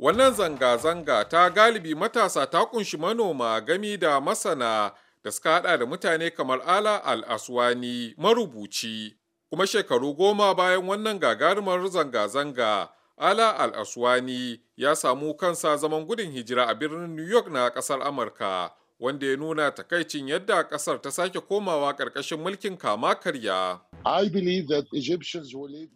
Wannan zanga-zanga ta galibi matasa ta kunshi manoma gami da masana da suka hada da mutane kamar Ala Al-Aswani marubuci. Kuma shekaru goma bayan wannan gagarumar zanga-zanga, Ala al ya samu kansa zaman gudun hijira a birnin New York na kasar Amurka, wanda ya nuna takaicin yadda kasar ta sake komawa ƙarƙashin mulkin kama karya.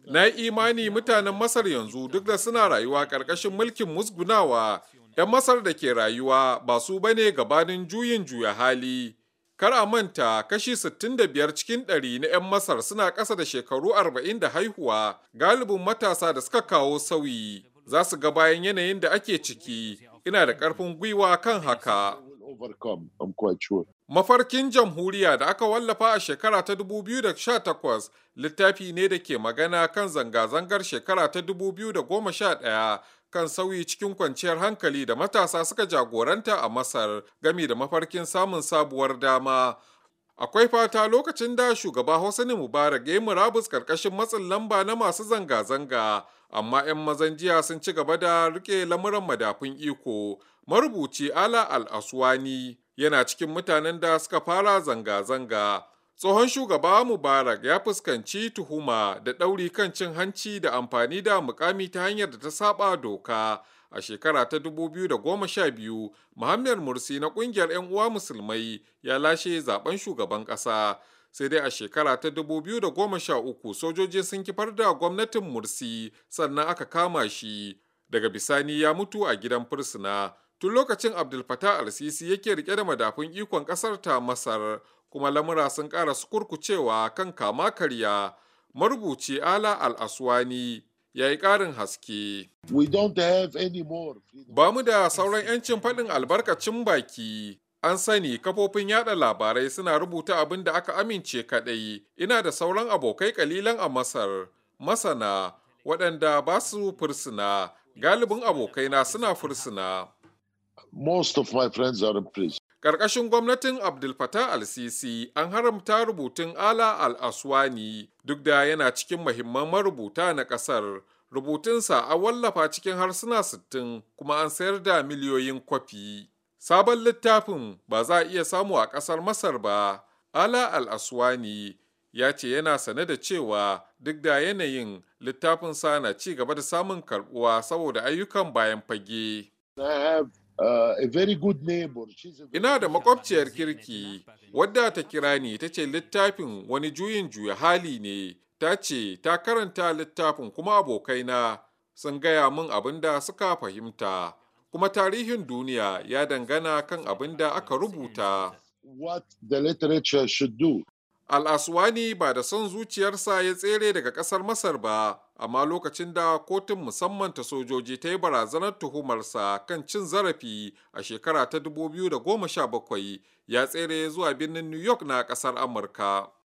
Na imani mutanen Masar yanzu duk da suna rayuwa ƙarƙashin mulkin musgunawa, ‘yan Masar da ke rayuwa ba su bane gabanin juyin juya hali. Kar a manta kashi 65 cikin ɗari na 'yan Masar suna ƙasa da shekaru 40 da haihuwa galibin matasa da suka kawo sauyi za su ga bayan yanayin da ake ciki ina da ƙarfin gwiwa kan haka. overcome, I'm quite sure. Mafarkin jamhuriya da aka wallafa a shekara ta 2018 littafi ne da ke magana kan zanga-zangar shekara ta 2011 kan sauyi cikin kwanciyar hankali da matasa suka jagoranta a Masar gami da mafarkin samun sabuwar dama. Akwai fata lokacin da shugaba Hosni Mubarak ya yi murabus karkashin matsin lamba na masu zanga-zanga. amma 'yan mazan jiya sun ci gaba da rike lamuran madafun iko marubuci ala al-aswani yana cikin mutanen da suka fara zanga-zanga tsohon shugaba mubarak ya fuskanci tuhuma da ɗauri kan cin hanci da amfani da mukami ta hanyar da ta saba doka a shekara ta 2012 muhammad mursi na ƙungiyar 'yan uwa musulmai ya lashe zaben shugaban ƙasa sai dai a shekara ta 2013 sojoji sun kifar da gwamnatin mursi sannan aka kama shi daga bisani ya mutu a gidan fursuna tun lokacin abdul al-sisi yake rike da madafun ikon kasar ta masar kuma lamura sun ƙara kurkucewa kan kama karya marubuci ala al-aswani ya yi ƙarin haske. Ba mu da sauran 'yancin faɗin albarkacin baki, An sani kafofin yada labarai suna rubuta abin da aka amince kaɗai, ina da sauran abokai kalilan a Masar, masana, waɗanda ba su fursuna, galibin abokaina suna fursuna. Most of my friends are in prison. Ƙarƙashin gwamnatin Abdul Fattah al-Sisi an haramta rubutun Ala al-Aswani duk da yana cikin mahimman marubuta na ƙasar. Rubutunsa an wallafa cikin harsuna 60 kuma an sayar da miliyoyin kwafi. Sabon littafin ba za a iya samu a ƙasar Masar ba, Ala Al-Aswani ya ce yana sane da cewa duk da yanayin littafin sa na ci gaba da samun karbuwa saboda ayyukan bayan fage. Uh, Ina da makwabciyar kirki wadda ta kira ni ta ce littafin wani juyin juya hali ne, ta ce ta karanta littafin kuma abokaina sun gaya min abin da suka fahimta. kuma tarihin duniya ya dangana kan abin da aka rubuta. Al'aswani ba da son zuciyarsa ya tsere daga ƙasar Masar ba, amma lokacin da kotun musamman ta sojoji ta yi barazanar tuhumarsa kan cin zarafi a shekara ta 2017 ya tsere zuwa birnin New York na ƙasar Amurka.